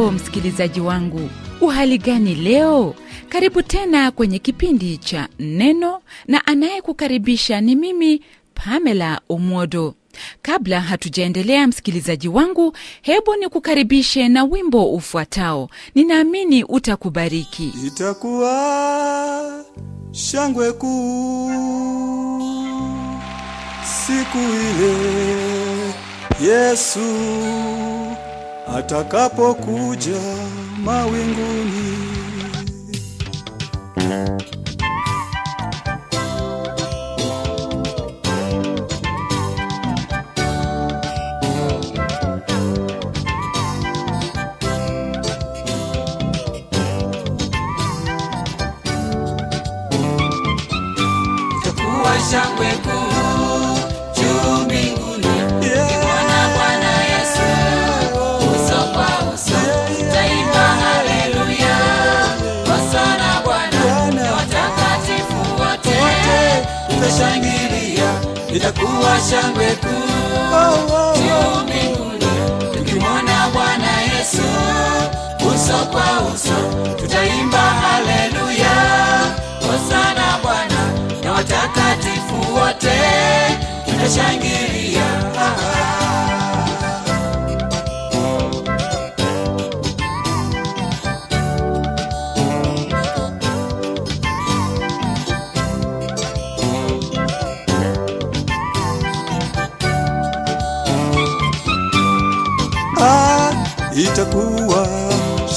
hujambo msikilizaji wangu uhali gani leo karibu tena kwenye kipindi cha neno na anayekukaribisha ni mimi pamela omodo kabla hatujaendelea msikilizaji wangu hebu nikukaribishe na wimbo ufuatao ninaamini utakubariki itakuwa shangwe kuu siku ile yesu atakapokuja mawinguni. litakuwa shangwe kuu juu mbinguni tukimwona Bwana Yesu uso kwa uso tutaima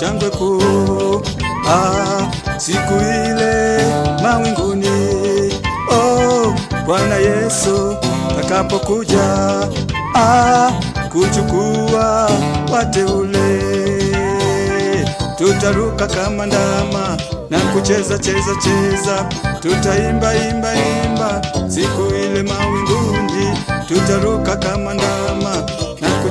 shangwe kuu ah, siku ile mawinguni oh, Bwana Yesu takapokuja ah, kuchukua wateule, tutaruka kama ndama na kucheza cheza cheza, tutaimba imba imba siku ile mawinguni, tutaruka kama ndama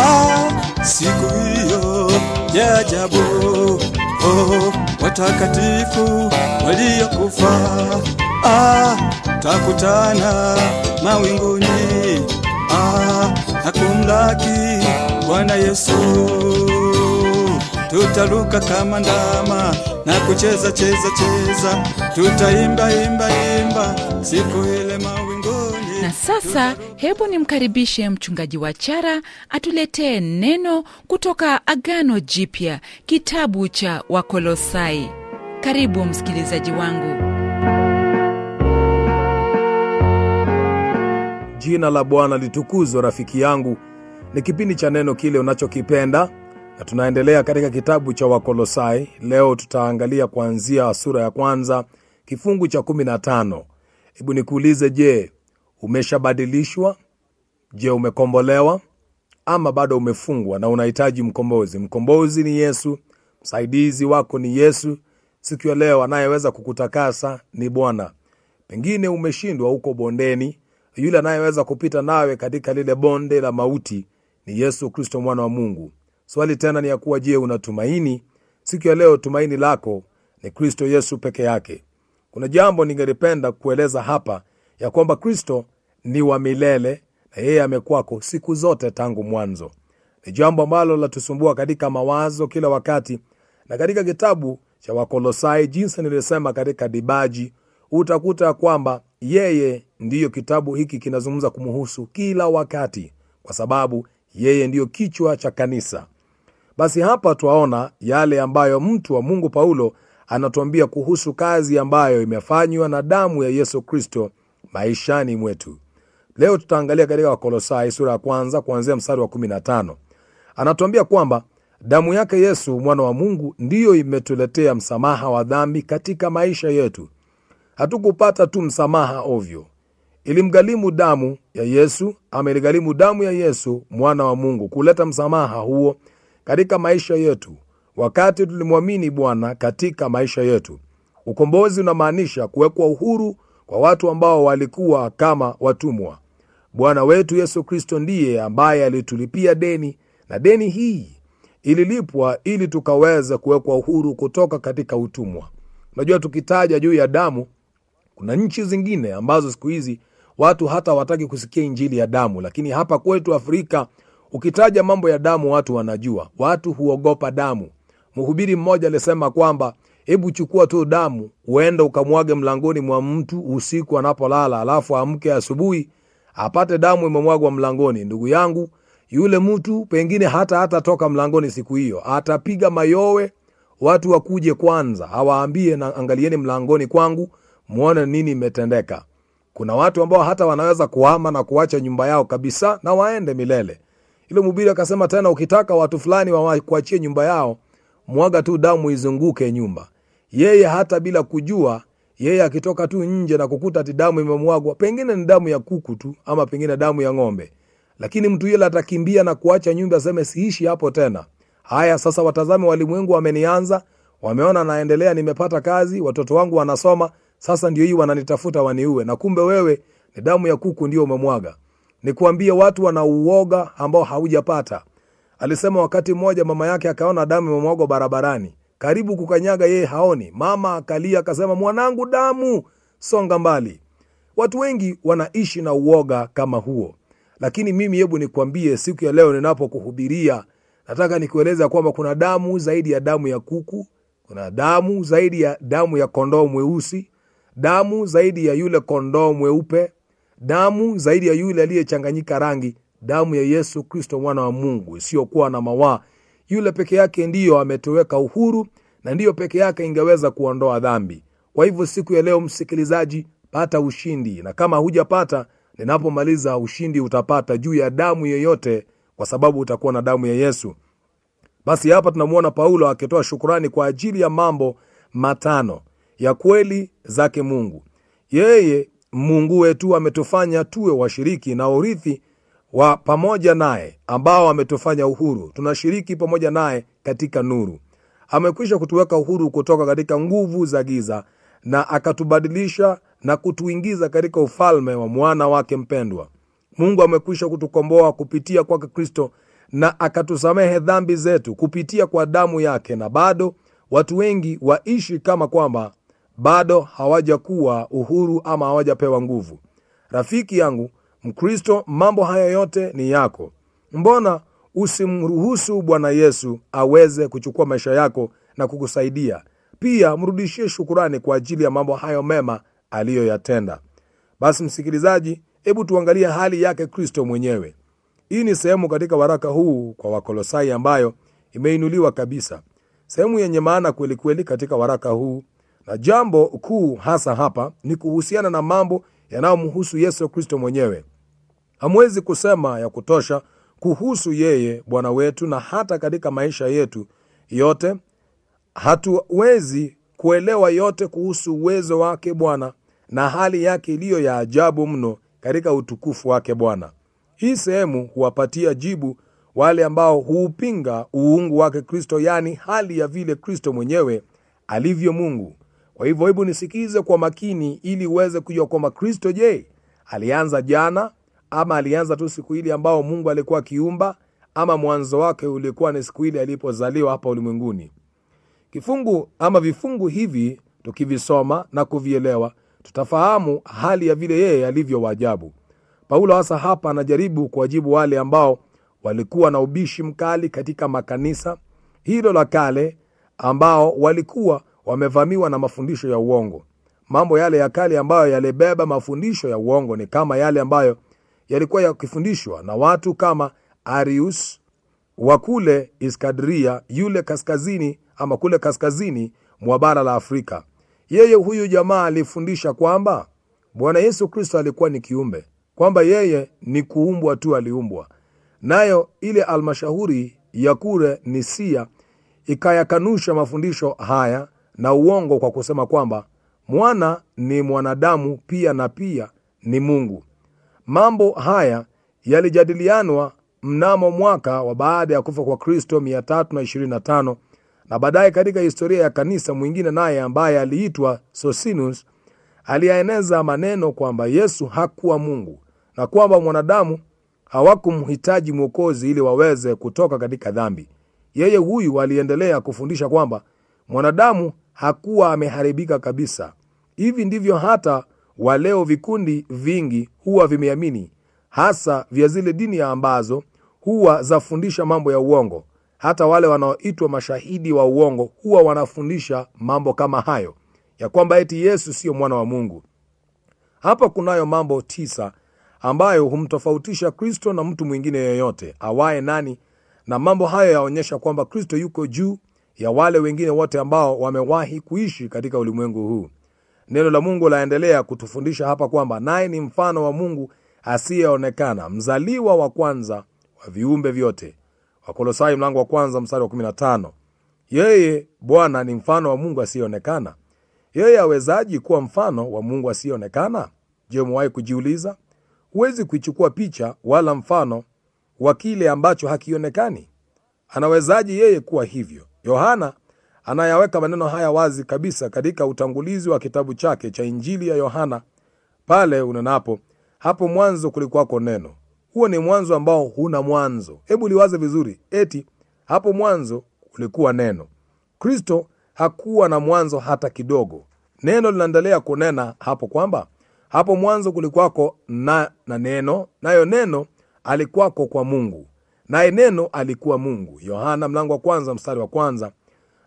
Ah, siku hiyo ya ajabu, oh, watakatifu waliokufa ah, takutana mawinguni ah, nakumlaki Bwana Yesu, tutaruka kama ndama na kucheza cheza cheza, tutaimba imba imba siku ile mawinguni. Na sasa hebu nimkaribishe mchungaji wa Chara atuletee neno kutoka Agano Jipya, kitabu cha Wakolosai. Karibu msikilizaji wangu. Jina la Bwana litukuzwe, rafiki yangu. Ni kipindi cha neno kile unachokipenda, na tunaendelea katika kitabu cha Wakolosai. Leo tutaangalia kuanzia sura ya kwanza kifungu cha 15 Hebu nikuulize, je, umeshabadilishwa? Je, umekombolewa ama bado umefungwa na unahitaji mkombozi? Mkombozi ni Yesu, msaidizi wako ni Yesu. Siku ya leo anayeweza kukutakasa ni Bwana. Pengine umeshindwa, huko bondeni yule anayeweza kupita nawe katika lile bonde la mauti ni Yesu Kristo mwana wa Mungu. Swali tena ni ya kuwa, je, tumaini Siku ya leo tumaini lako ni Kristo Yesu peke yake. Kuna jambo ningelipenda kueleza hapa ya kwamba Kristo ni wa milele na yeye amekwako siku zote tangu mwanzo. Ni jambo ambalo latusumbua katika mawazo kila wakati, na katika kitabu cha Wakolosai, jinsi nilisema katika dibaji, utakuta kwamba yeye ndiyo kitabu hiki kinazungumza kumuhusu kila wakati, kwa sababu yeye ndiyo kichwa cha kanisa. Basi hapa twaona yale ambayo mtu wa Mungu Paulo anatuambia kuhusu kazi ambayo imefanywa na damu ya Yesu Kristo maishani mwetu. Leo tutaangalia katika Wakolosai sura ya kwanza kuanzia mstari wa 15. Anatuambia kwamba damu yake Yesu mwana wa Mungu ndiyo imetuletea msamaha wa dhambi katika maisha yetu. Hatukupata tu msamaha ovyo, ilimgalimu damu ya Yesu ama iligharimu damu ya Yesu mwana wa Mungu kuleta msamaha huo katika maisha yetu, wakati tulimwamini Bwana katika maisha yetu. Ukombozi unamaanisha kuwekwa uhuru kwa watu ambao walikuwa kama watumwa. Bwana wetu Yesu Kristo ndiye ambaye alitulipia deni, na deni hii ililipwa ili tukaweza kuwekwa uhuru kutoka katika utumwa. Unajua, tukitaja juu ya damu, kuna nchi zingine ambazo siku hizi watu hata wataki kusikia injili ya damu, lakini hapa kwetu Afrika ukitaja mambo ya damu watu wanajua, watu huogopa damu. Mhubiri mmoja alisema kwamba hebu chukua tu damu uenda ukamwage mlangoni mwa mtu usiku anapolala, alafu amke asubuhi apate damu imemwagwa mlangoni. Ndugu yangu, yule mtu pengine hata hatatoka mlangoni siku hiyo, atapiga mayowe watu wakuje kwanza awaambie, na angalieni mlangoni kwangu mwone nini imetendeka. Kuna watu ambao hata wanaweza kuhama na kuacha nyumba yao kabisa na waende milele. Ile mhubiri akasema tena, ukitaka watu fulani wakuachie nyumba yao, mwaga tu damu izunguke nyumba. Yeye hata bila kujua, yeye akitoka tu nje na kukuta ati damu imemwagwa, pengine ni damu ya kuku tu, ama pengine damu ya ng'ombe, lakini mtu yule atakimbia na kuacha nyumba, aseme siishi hapo tena. Haya, sasa watazame, walimwengu wamenianza, wameona naendelea, nimepata kazi, watoto wangu wanasoma sasa ndio hii wananitafuta waniue, na kumbe wewe ni damu ya kuku ndio umemwaga. Nikuambie, watu wana uoga ambao haujapata. Alisema wakati mmoja mama yake akaona damu imemwagwa barabarani, karibu kukanyaga, yeye haoni. Mama akalia akasema, mwanangu, damu, songa mbali. Watu wengi wanaishi na uoga kama huo, lakini mimi, hebu nikwambie, siku ya leo ninapokuhubiria, nataka nikueleza kwamba kuna damu zaidi ya damu ya kuku, kuna damu zaidi ya damu ya kondoo mweusi, damu zaidi ya yule kondoo mweupe, damu zaidi ya yule aliyechanganyika rangi, damu ya Yesu Kristo mwana wa Mungu isiyokuwa na mawaa. Yule peke yake ndiyo ametoweka uhuru na ndiyo peke yake ingeweza kuondoa dhambi. Kwa hivyo siku ya leo, msikilizaji, pata ushindi, na kama hujapata, ninapomaliza ushindi utapata juu ya damu yoyote, kwa sababu utakuwa na damu ya Yesu. Basi hapa tunamwona Paulo akitoa shukurani kwa ajili ya mambo matano ya kweli zake Mungu. Yeye Mungu wetu ametufanya tuwe washiriki na urithi wa pamoja naye ambao ametufanya uhuru. Tunashiriki pamoja naye katika nuru. Amekwisha kutuweka uhuru kutoka katika nguvu za giza na akatubadilisha na kutuingiza katika ufalme wa mwana wake mpendwa. Mungu amekwisha kutukomboa kupitia kwake Kristo na akatusamehe dhambi zetu kupitia kwa damu yake, na bado watu wengi waishi kama kwamba bado hawajakuwa uhuru ama hawajapewa nguvu. Rafiki yangu Mkristo, mambo haya yote ni yako. Mbona usimruhusu Bwana Yesu aweze kuchukua maisha yako na kukusaidia? Pia mrudishie shukurani kwa ajili ya mambo hayo mema aliyoyatenda. Basi msikilizaji, hebu tuangalie hali yake Kristo mwenyewe. Hii ni sehemu katika waraka huu kwa Wakolosai ambayo imeinuliwa kabisa, sehemu yenye maana kwelikweli katika waraka huu na jambo kuu hasa hapa ni kuhusiana na mambo yanayomhusu Yesu Kristo mwenyewe. Hamwezi kusema ya kutosha kuhusu yeye Bwana wetu, na hata katika maisha yetu yote hatuwezi kuelewa yote kuhusu uwezo wake Bwana na hali yake iliyo ya ajabu mno katika utukufu wake Bwana. Hii sehemu huwapatia jibu wale ambao huupinga uungu wake Kristo, yaani hali ya vile Kristo mwenyewe alivyo Mungu. Kwa hivyo hebu nisikize kwa makini ili uweze kujua kwamba Kristo je, alianza jana ama alianza tu siku ile ambao Mungu alikuwa akiumba ama mwanzo wake ulikuwa ni siku ile alipozaliwa hapa ulimwenguni. Kifungu ama vifungu hivi tukivisoma na kuvielewa tutafahamu hali ya vile yeye alivyo waajabu. Paulo hasa hapa anajaribu kuwajibu wale ambao walikuwa na ubishi mkali katika makanisa hilo la kale ambao walikuwa wamevamiwa na mafundisho ya uongo. Mambo yale ya kale ambayo yalibeba mafundisho ya uongo ni kama yale ambayo yalikuwa yakifundishwa na watu kama Arius wa kule Iskandria, yule kaskazini ama kule kaskazini mwa bara la Afrika. Yeye huyu jamaa alifundisha kwamba Bwana Yesu Kristo alikuwa ni kiumbe, kwamba yeye ni kuumbwa tu aliumbwa. Nayo ile almashahuri ya kure Nisia ikayakanusha mafundisho haya na uongo kwa kusema kwamba mwana ni mwanadamu pia na pia ni Mungu. Mambo haya yalijadilianwa mnamo mwaka wa baada ya kufa kwa Kristo 325 na baadaye katika historia ya kanisa, mwingine naye ambaye aliitwa Sosinus aliyaeneza maneno kwamba Yesu hakuwa Mungu na kwamba mwanadamu hawakumhitaji mwokozi ili waweze kutoka katika dhambi. Yeye huyu aliendelea kufundisha kwamba mwanadamu hakuwa ameharibika kabisa. Hivi ndivyo hata waleo vikundi vingi huwa vimeamini, hasa vya zile dini ambazo huwa zafundisha mambo ya uongo. Hata wale wanaoitwa mashahidi wa uongo huwa wanafundisha mambo kama hayo, ya kwamba eti Yesu siyo mwana wa Mungu. Hapa kunayo mambo tisa ambayo humtofautisha Kristo na mtu mwingine yoyote awaye nani, na mambo hayo yaonyesha kwamba Kristo yuko juu ya wale wengine wote ambao wamewahi kuishi katika ulimwengu huu. Neno la Mungu laendelea kutufundisha hapa kwamba naye ni mfano wa Mungu asiyeonekana, mzaliwa wa kwanza wa viumbe vyote. Wakolosai mlango wa kwanza mstari wa 15. Yeye Bwana ni mfano wa Mungu asiyeonekana. Yeye awezaji kuwa mfano wa Mungu asiyeonekana? Je, umewahi kujiuliza? Huwezi kuichukua picha wala mfano wa kile ambacho hakionekani. Anawezaji yeye kuwa hivyo? Yohana anayaweka maneno haya wazi kabisa katika utangulizi wa kitabu chake cha Injili ya Yohana pale unenapo, hapo mwanzo kulikuwako neno. Huo ni mwanzo ambao huna mwanzo. Hebu liwaze vizuri, eti hapo mwanzo kulikuwa neno. Kristo hakuwa na mwanzo hata kidogo. Neno linaendelea kunena hapo kwamba hapo mwanzo kulikuwako na, na neno, nayo neno alikuwako kwa Mungu naye neno alikuwa Mungu. Yohana mlango wa kwanza mstari wa kwanza.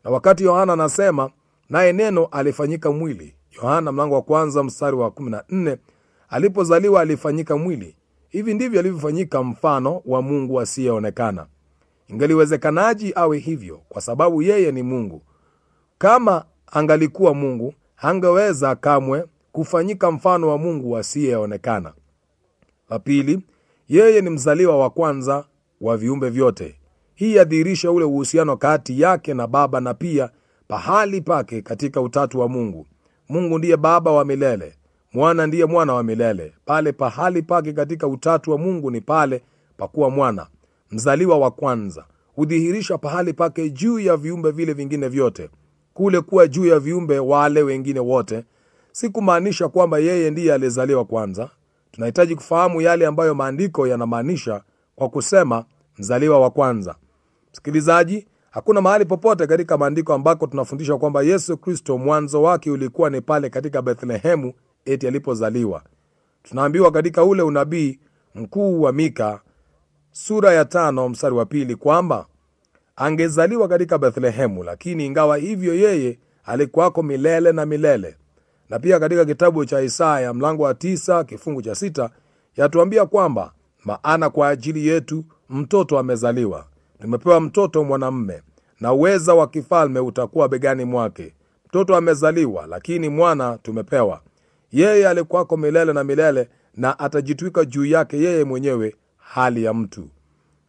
Na wakati Yohana anasema naye neno alifanyika mwili, Yohana mlango wa kwanza mstari wa 14, alipozaliwa alifanyika mwili. Hivi ndivyo alivyofanyika mfano wa Mungu asiyeonekana. Ingaliwezekanaji awe hivyo? Kwa sababu yeye ni Mungu. Kama angalikuwa Mungu, angeweza kamwe kufanyika mfano wa Mungu asiyeonekana. La pili, yeye ni mzaliwa wa kwanza wa viumbe vyote. Hii yadhihirisha ule uhusiano kati yake na Baba na pia pahali pake katika utatu wa Mungu. Mungu ndiye Baba wa milele, Mwana ndiye mwana wa milele. Pale pahali pake katika utatu wa Mungu ni pale pakuwa mwana mzaliwa wa kwanza, hudhihirisha pahali pake juu ya viumbe vile vingine vyote. Kule kuwa juu ya viumbe wale wengine wote si kumaanisha kwamba yeye ndiye aliyezaliwa kwanza. Tunahitaji kufahamu yale ambayo maandiko yanamaanisha kwa kusema mzaliwa wa kwanza. Msikilizaji, hakuna mahali popote katika maandiko ambako tunafundishwa kwamba Yesu Kristo mwanzo wake ulikuwa ni pale katika Bethlehemu eti alipozaliwa. Tunaambiwa katika ule unabii mkuu wa Mika sura ya tano mstari wa pili kwamba angezaliwa katika Bethlehemu, lakini ingawa hivyo yeye alikuwako milele na milele. Na pia katika kitabu cha Isaya mlango wa tisa kifungu cha sita yatuambia kwamba maana kwa ajili yetu mtoto amezaliwa, tumepewa mtoto mwanamme, na uweza wa kifalme utakuwa begani mwake. Mtoto amezaliwa, lakini mwana tumepewa. Yeye alikuwako milele na milele, na atajitwika juu yake yeye mwenyewe hali ya mtu.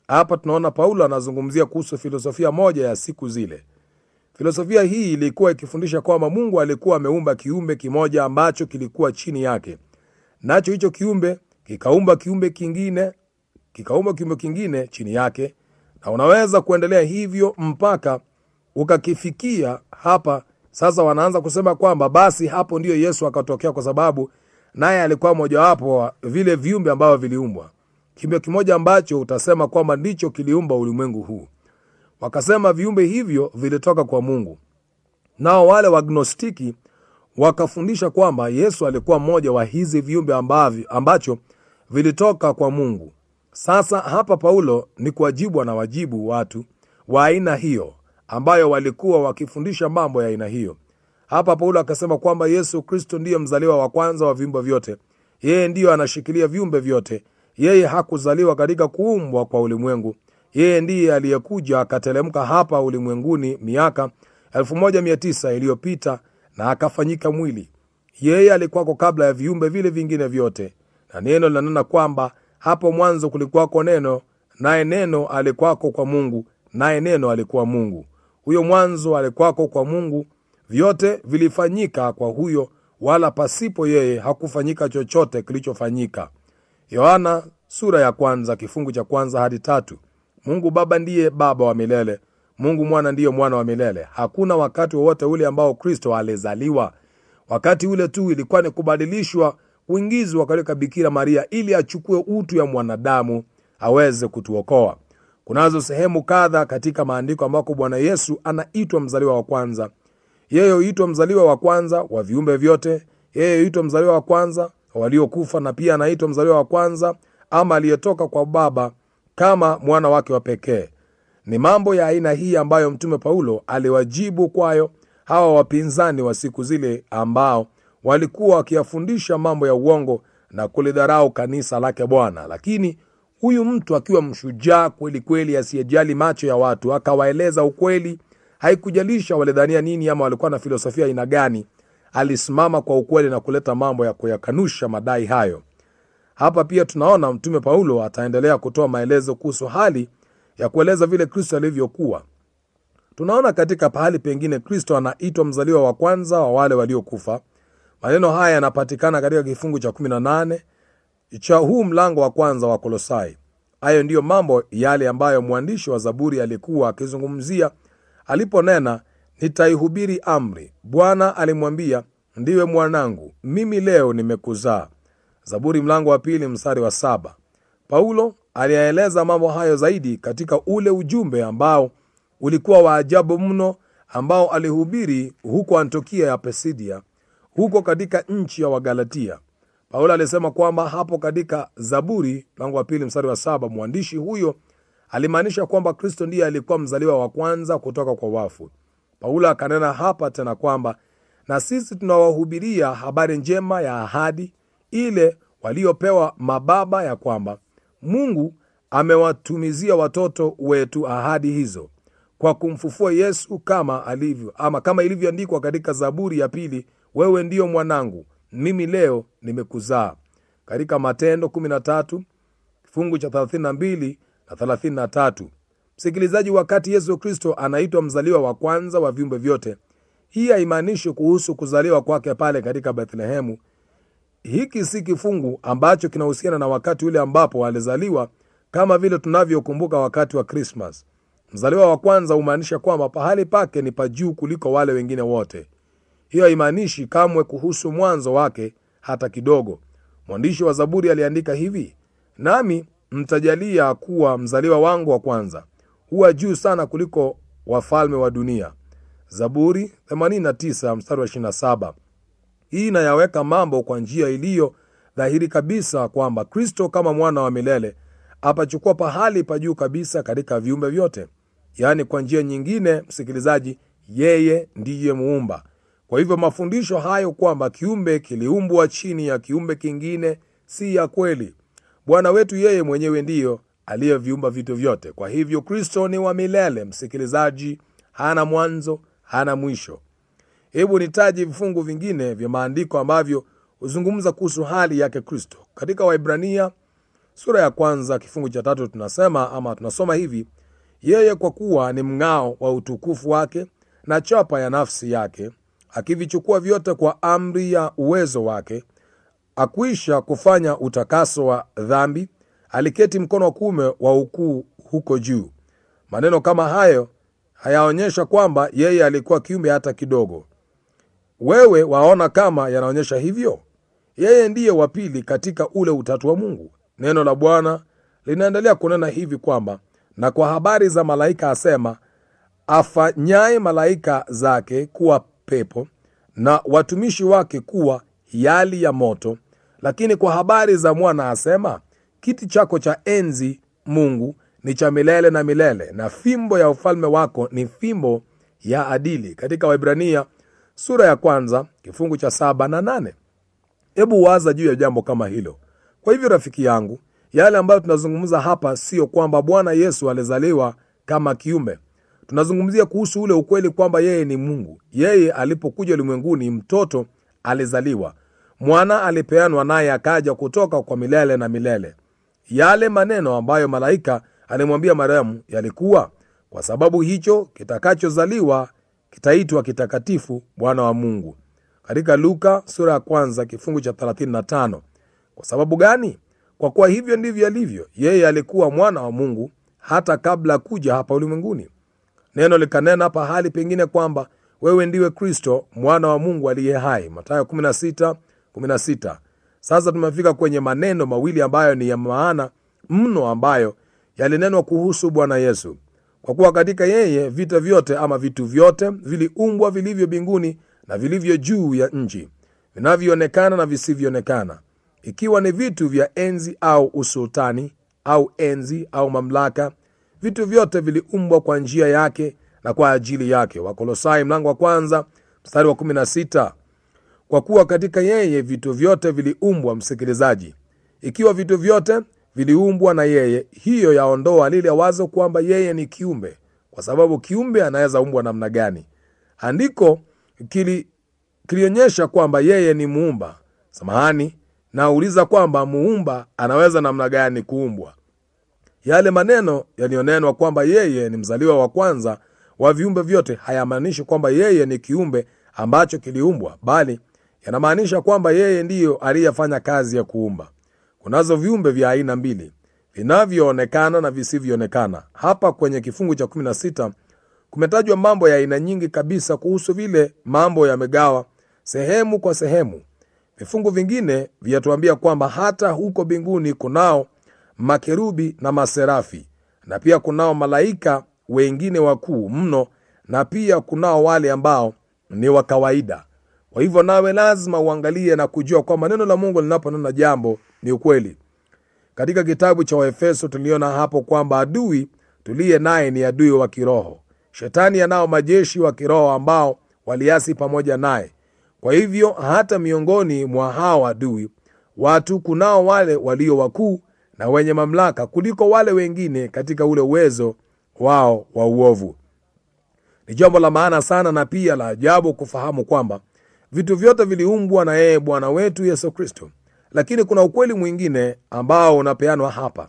Hapa tunaona Paulo anazungumzia kuhusu filosofia moja ya siku zile. Filosofia hii ilikuwa ikifundisha kwamba Mungu alikuwa ameumba kiumbe kimoja ambacho kilikuwa chini yake, nacho hicho kiumbe kikaumba kiumbe kingine kikaumba kiumbe kingine chini yake, na unaweza kuendelea hivyo mpaka ukakifikia hapa. Sasa wanaanza kusema kwamba basi hapo ndio Yesu akatokea, kwa sababu naye alikuwa mojawapo wa vile viumbe ambavyo viliumbwa, kiumbe kimoja ambacho utasema kwamba ndicho kiliumba ulimwengu huu. Wakasema viumbe hivyo vilitoka kwa Mungu. Nao wale wagnostiki wakafundisha kwamba Yesu alikuwa mmoja wa hizi viumbe ambacho vilitoka kwa Mungu. Sasa hapa Paulo ni kuwajibu na wajibu watu wa aina hiyo ambayo walikuwa wakifundisha mambo ya aina hiyo. Hapa Paulo akasema kwamba Yesu Kristo ndiye mzaliwa wa kwanza wa viumbe vyote, yeye ndiyo anashikilia viumbe vyote, yeye hakuzaliwa katika kuumbwa kwa ulimwengu, yeye ndiye aliyekuja akateremka hapa ulimwenguni miaka 1900 iliyopita na akafanyika mwili. Yeye alikuwako kabla ya viumbe vile vingine vyote na neno linanena kwamba hapo mwanzo kulikuwako neno, naye neno alikuwako kwa Mungu, naye neno alikuwa Mungu. Huyo mwanzo alikuwako kwa Mungu. Vyote vilifanyika kwa huyo, wala pasipo yeye hakufanyika chochote kilichofanyika. Yohana sura ya kwanza kifungu cha kwanza hadi tatu. Mungu Baba ndiye Baba wa milele, Mungu Mwana ndiye Mwana wa milele. Hakuna wakati wowote ule ambao Kristo alizaliwa. Wakati ule tu ilikuwa ni kubadilishwa huingizwa katika Bikira Maria ili achukue utu ya mwanadamu aweze kutuokoa. Kunazo sehemu kadha katika maandiko ambako Bwana Yesu anaitwa mzaliwa wa kwanza. Yeye huitwa mzaliwa wa kwanza wa viumbe vyote, yeye huitwa mzaliwa wa kwanza waliokufa, na pia anaitwa mzaliwa wa kwanza ama aliyetoka kwa Baba kama mwana wake wa pekee. Ni mambo ya aina hii ambayo Mtume Paulo aliwajibu kwayo hawa wapinzani wa siku zile ambao walikuwa wakiyafundisha mambo ya uongo na kulidharau kanisa lake Bwana. Lakini huyu mtu akiwa mshujaa kweli kweli, asiyejali macho ya watu, akawaeleza ukweli, haikujalisha walidhania nini ama walikuwa na filosofia aina gani, alisimama kwa ukweli na kuleta mambo ya kuyakanusha madai hayo. Hapa pia tunaona Mtume Paulo ataendelea kutoa maelezo kuhusu hali ya kueleza vile Kristo alivyokuwa. Tunaona katika pahali pengine Kristo anaitwa mzaliwa wa kwanza wa wale waliokufa Maneno haya yanapatikana katika kifungu cha 18 cha huu mlango wa kwanza wa Kolosai. Hayo ndiyo mambo yale ambayo mwandishi wa Zaburi alikuwa akizungumzia aliponena, nitaihubiri amri. Bwana alimwambia, ndiwe mwanangu, mimi leo nimekuzaa. Zaburi mlango wa pili mstari wa saba. Paulo aliyaeleza mambo hayo zaidi katika ule ujumbe ambao ulikuwa wa ajabu mno ambao alihubiri huko Antiokia ya Pisidia huko katika nchi ya Wagalatia. Paulo alisema kwamba hapo katika Zaburi mlango wa pili mstari wa saba mwandishi huyo alimaanisha kwamba Kristo ndiye alikuwa mzaliwa wa kwanza kutoka kwa wafu. Paulo akanena hapa tena kwamba na sisi tunawahubiria habari njema ya ahadi ile waliopewa mababa, ya kwamba Mungu amewatumizia watoto wetu ahadi hizo kwa kumfufua Yesu kama alivyo, ama kama ilivyoandikwa katika Zaburi ya pili wewe ndiyo mwanangu, mimi leo nimekuzaa. Katika Matendo kumi kifungu cha na Msikilizaji, wakati Yesu Kristo anaitwa mzaliwa wa kwanza wa viumbe vyote, hii haimaanishi kuhusu kuzaliwa kwake pale katika Bethlehemu. Hiki si kifungu ambacho kinahusiana na wakati ule ambapo alizaliwa kama vile tunavyokumbuka wakati wa Krismas. Mzaliwa wa kwanza humaanisha kwamba pahali pake ni pajuu kuliko wale wengine wote. Hiyo haimaanishi kamwe kuhusu mwanzo wake hata kidogo. Mwandishi wa Zaburi aliandika hivi: nami mtajalia kuwa mzaliwa wangu wa kwanza huwa juu sana kuliko wafalme wa dunia. Zaburi 89 mstari wa 27. Hii inayaweka mambo kwa njia iliyo dhahiri kabisa kwamba Kristo kama mwana wa milele apachukua pahali pa juu kabisa katika viumbe vyote. Yaani, kwa njia nyingine, msikilizaji, yeye ndiye muumba kwa hivyo mafundisho hayo kwamba kiumbe kiliumbwa chini ya kiumbe kingine si ya kweli. Bwana wetu yeye mwenyewe ndiyo aliyeviumba vitu vyote. Kwa hivyo Kristo ni wa milele, msikilizaji, hana mwanzo, hana mwisho. Hebu nitaje vifungu vingine vya maandiko ambavyo huzungumza kuhusu hali yake Kristo. Katika Waibrania sura ya kwanza kifungu cha tatu tunasema ama tunasoma hivi: yeye kwa kuwa ni mng'ao wa utukufu wake na chapa ya nafsi yake akivichukua vyote kwa amri ya uwezo wake, akwisha kufanya utakaso wa dhambi, aliketi mkono wa kuume wa ukuu huko juu. Maneno kama hayo hayaonyesha kwamba yeye alikuwa kiumbe hata kidogo. Wewe waona kama yanaonyesha hivyo? Yeye ndiye wa pili katika ule utatu wa Mungu. Neno la Bwana linaendelea kunena hivi kwamba, na kwa habari za malaika asema, afanyaye malaika zake kuwa pepo na watumishi wake kuwa yali ya moto lakini kwa habari za mwana asema kiti chako cha enzi mungu ni cha milele na milele na fimbo ya ufalme wako ni fimbo ya adili katika waibrania sura ya kwanza kifungu cha saba na nane hebu waza juu ya jambo kama hilo kwa hivyo rafiki yangu yale ambayo tunazungumza hapa siyo kwamba bwana yesu alizaliwa kama kiume tunazungumzia kuhusu ule ukweli kwamba yeye ni Mungu. Yeye alipokuja ulimwenguni, mtoto alizaliwa, mwana alipeanwa, naye akaja kutoka kwa milele na milele. Yale maneno ambayo malaika alimwambia Mariamu yalikuwa kwa sababu hicho kitakachozaliwa kitaitwa kitakatifu, Bwana wa Mungu, katika Luka sura ya kwanza kifungu cha 35. Kwa sababu gani? Kwa kuwa hivyo ndivyo alivyo yeye. Alikuwa mwana wa Mungu hata kabla kuja hapa ulimwenguni neno likanena pahali pengine kwamba wewe ndiwe Kristo mwana wa Mungu aliye hai, matayo 16, 16. Sasa tumefika kwenye maneno mawili ambayo ni ya maana mno ambayo yalinenwa kuhusu Bwana Yesu, kwa kuwa katika yeye vita vyote ama vitu vyote viliumbwa vilivyo binguni na vilivyo juu ya nchi, vinavyoonekana na visivyoonekana, ikiwa ni vitu vya enzi au usultani au enzi au mamlaka vitu vyote viliumbwa kwa njia yake na kwa ajili yake wakolosai mlango wa kwanza mstari wa kumi na sita kwa kuwa katika yeye vitu vyote viliumbwa msikilizaji ikiwa vitu vyote viliumbwa na yeye hiyo yaondoa lile wazo kwamba yeye ni kiumbe kwa sababu kiumbe anaweza umbwa namna gani andiko kili kilionyesha kwamba yeye ni muumba samahani nauliza kwamba muumba anaweza namna gani kuumbwa yale maneno yaliyonenwa kwamba yeye ni mzaliwa wa kwanza wa viumbe vyote hayamaanishi kwamba yeye ni kiumbe ambacho kiliumbwa, bali yanamaanisha kwamba yeye ndiyo aliyefanya kazi ya kuumba. Kunazo viumbe vya aina mbili, vinavyoonekana na visivyoonekana. Hapa kwenye kifungu cha 16 kumetajwa mambo ya aina nyingi kabisa kuhusu vile mambo yamegawa sehemu kwa sehemu. Vifungu vingine vyatuambia kwamba hata huko mbinguni kunao makerubi na maserafi, na pia kunao malaika wengine wakuu mno, na pia kunao wale ambao ni wa kawaida. Kwa hivyo, nawe lazima uangalie na kujua kwamba neno la Mungu linaponena jambo ni ukweli. Katika kitabu cha Waefeso tuliona hapo kwamba adui tuliye naye ni adui wa kiroho. Shetani anao majeshi wa kiroho ambao waliasi pamoja naye. Kwa hivyo hata miongoni mwa hawa adui watu kunao wale walio wakuu na wenye mamlaka kuliko wale wengine katika ule uwezo wao wa uovu. Ni jambo la maana sana na pia la ajabu kufahamu kwamba vitu vyote viliumbwa na yeye Bwana wetu Yesu Kristo. Lakini kuna ukweli mwingine ambao unapeanwa hapa: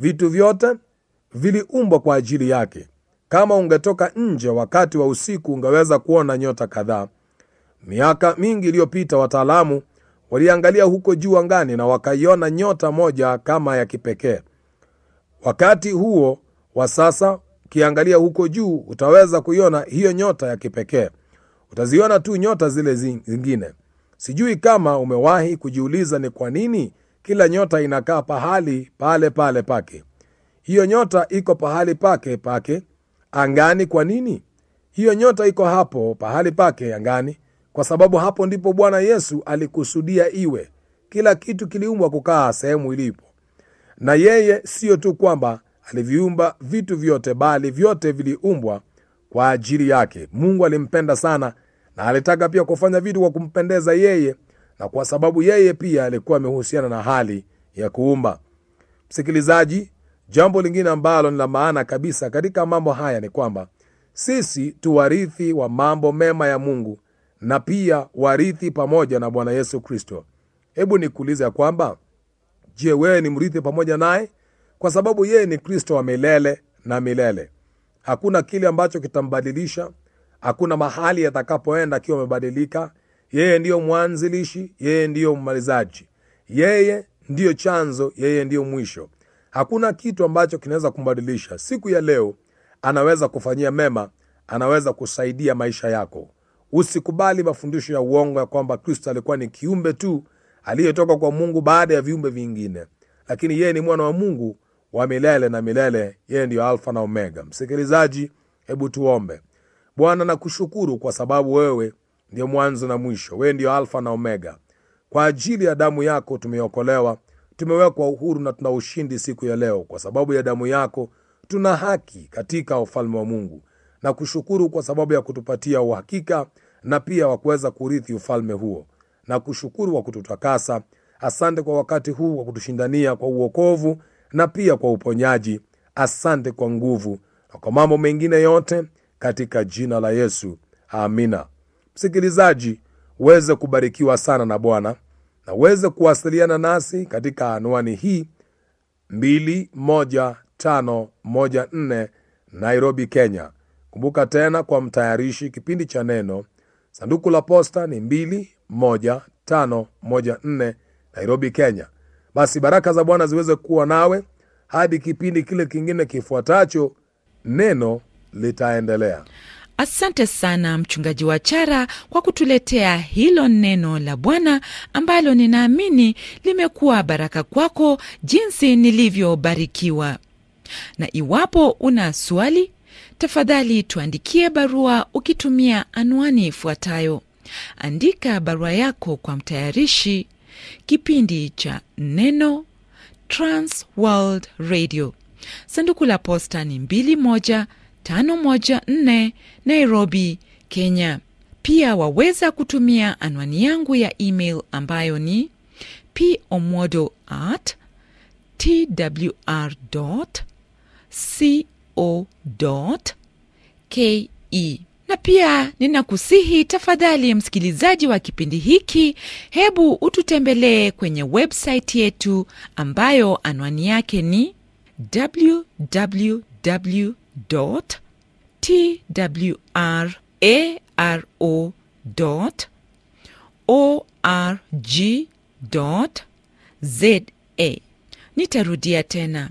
vitu vyote viliumbwa kwa ajili yake. Kama ungetoka nje wakati wa usiku, ungeweza kuona nyota kadhaa. Miaka mingi iliyopita, wataalamu Waliangalia huko juu angani na wakaiona nyota moja kama ya kipekee. Wakati huo wa sasa, ukiangalia huko juu utaweza kuiona hiyo nyota ya kipekee, utaziona tu nyota zile zingine. Sijui kama umewahi kujiuliza ni kwa nini kila nyota inakaa pahali pale pale pake. Hiyo nyota iko pahali pake pake angani. Kwa nini hiyo nyota iko hapo pahali pake angani? kwa sababu hapo ndipo Bwana Yesu alikusudia iwe. Kila kitu kiliumbwa kukaa sehemu ilipo, na yeye siyo tu kwamba aliviumba vitu vyote, bali vyote viliumbwa kwa ajili yake. Mungu alimpenda sana na alitaka pia kufanya vitu kwa kumpendeza yeye, na kwa sababu yeye pia alikuwa amehusiana na hali ya kuumba. Msikilizaji, jambo lingine ambalo ni la maana kabisa katika mambo haya ni kwamba sisi tu warithi wa mambo mema ya Mungu na pia warithi pamoja na Bwana Yesu Kristo. Hebu nikuulize ya kwamba je, wewe ni mrithi pamoja naye? Kwa sababu yeye ni Kristo wa milele na milele. Hakuna kile ambacho kitambadilisha, hakuna mahali yatakapoenda akiwa amebadilika. Yeye ndiyo mwanzilishi, yeye ndiyo mmalizaji, yeye ndiyo chanzo, yeye ndiyo mwisho. Hakuna kitu ambacho kinaweza kumbadilisha. Siku ya leo anaweza kufanyia mema, anaweza kusaidia maisha yako. Usikubali mafundisho ya uongo ya kwamba Kristo alikuwa ni kiumbe tu aliyetoka kwa Mungu baada ya viumbe vingine, lakini yeye ni mwana wa Mungu wa milele na milele. Yeye ndiyo Alfa na Omega. Msikilizaji, hebu tuombe. Bwana, nakushukuru kwa sababu wewe ndiyo mwanzo na mwisho, wewe ndiyo Alfa na Omega. Kwa ajili ya damu yako tumeokolewa, tumewekwa uhuru na tuna ushindi siku ya leo. Kwa sababu ya damu yako tuna haki katika ufalme wa Mungu. Nakushukuru kwa sababu ya kutupatia uhakika na pia wa kuweza kurithi ufalme huo na kushukuru wa kututakasa asante kwa wakati huu wa kutushindania kwa uokovu na pia kwa uponyaji asante kwa nguvu na kwa mambo mengine yote katika jina la yesu amina msikilizaji uweze kubarikiwa sana na bwana na uweze kuwasiliana nasi katika anwani hii 21514 nairobi kenya kumbuka tena kwa mtayarishi kipindi cha neno Sanduku la posta ni mbili moja tano moja nne Nairobi, Kenya. Basi baraka za Bwana ziweze kuwa nawe hadi kipindi kile kingine kifuatacho. Neno litaendelea. Asante sana mchungaji wa Chara kwa kutuletea hilo neno la Bwana ambalo ninaamini limekuwa baraka kwako, jinsi nilivyobarikiwa. Na iwapo una swali tafadhali tuandikie barua ukitumia anwani ifuatayo: andika barua yako kwa mtayarishi kipindi cha Neno, Trans World Radio, sanduku la posta ni 21514 Nairobi, Kenya. Pia waweza kutumia anwani yangu ya email ambayo ni pomodo at co.ke. Na pia ninakusihi tafadhali, msikilizaji wa kipindi hiki, hebu ututembelee kwenye websaiti yetu ambayo anwani yake ni za Nitarudia tena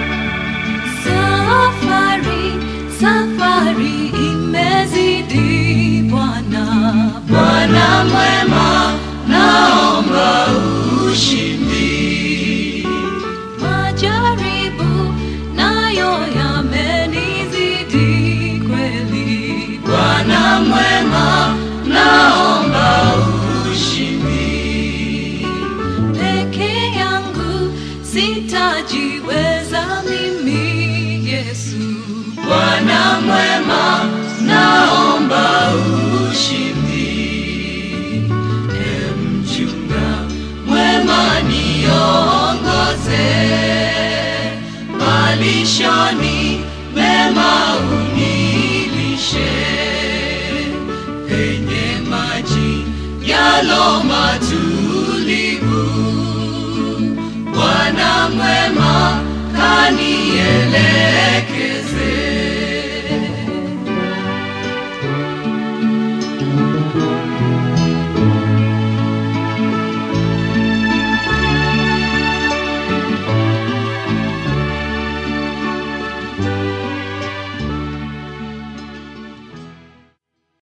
safari imezidi Bwana, Bwana mwema, naomba ushindi. Majaribu nayo yamenizidi kweli, Bwana mwema, naomba ushindi. Peke yangu sitajiweza mimi Bwana mwema, naomba ushindi. E mchunga mwema, niongoze malishoni mema, unilishe penye maji yalo matulivu. Bwana mwema, kanieleke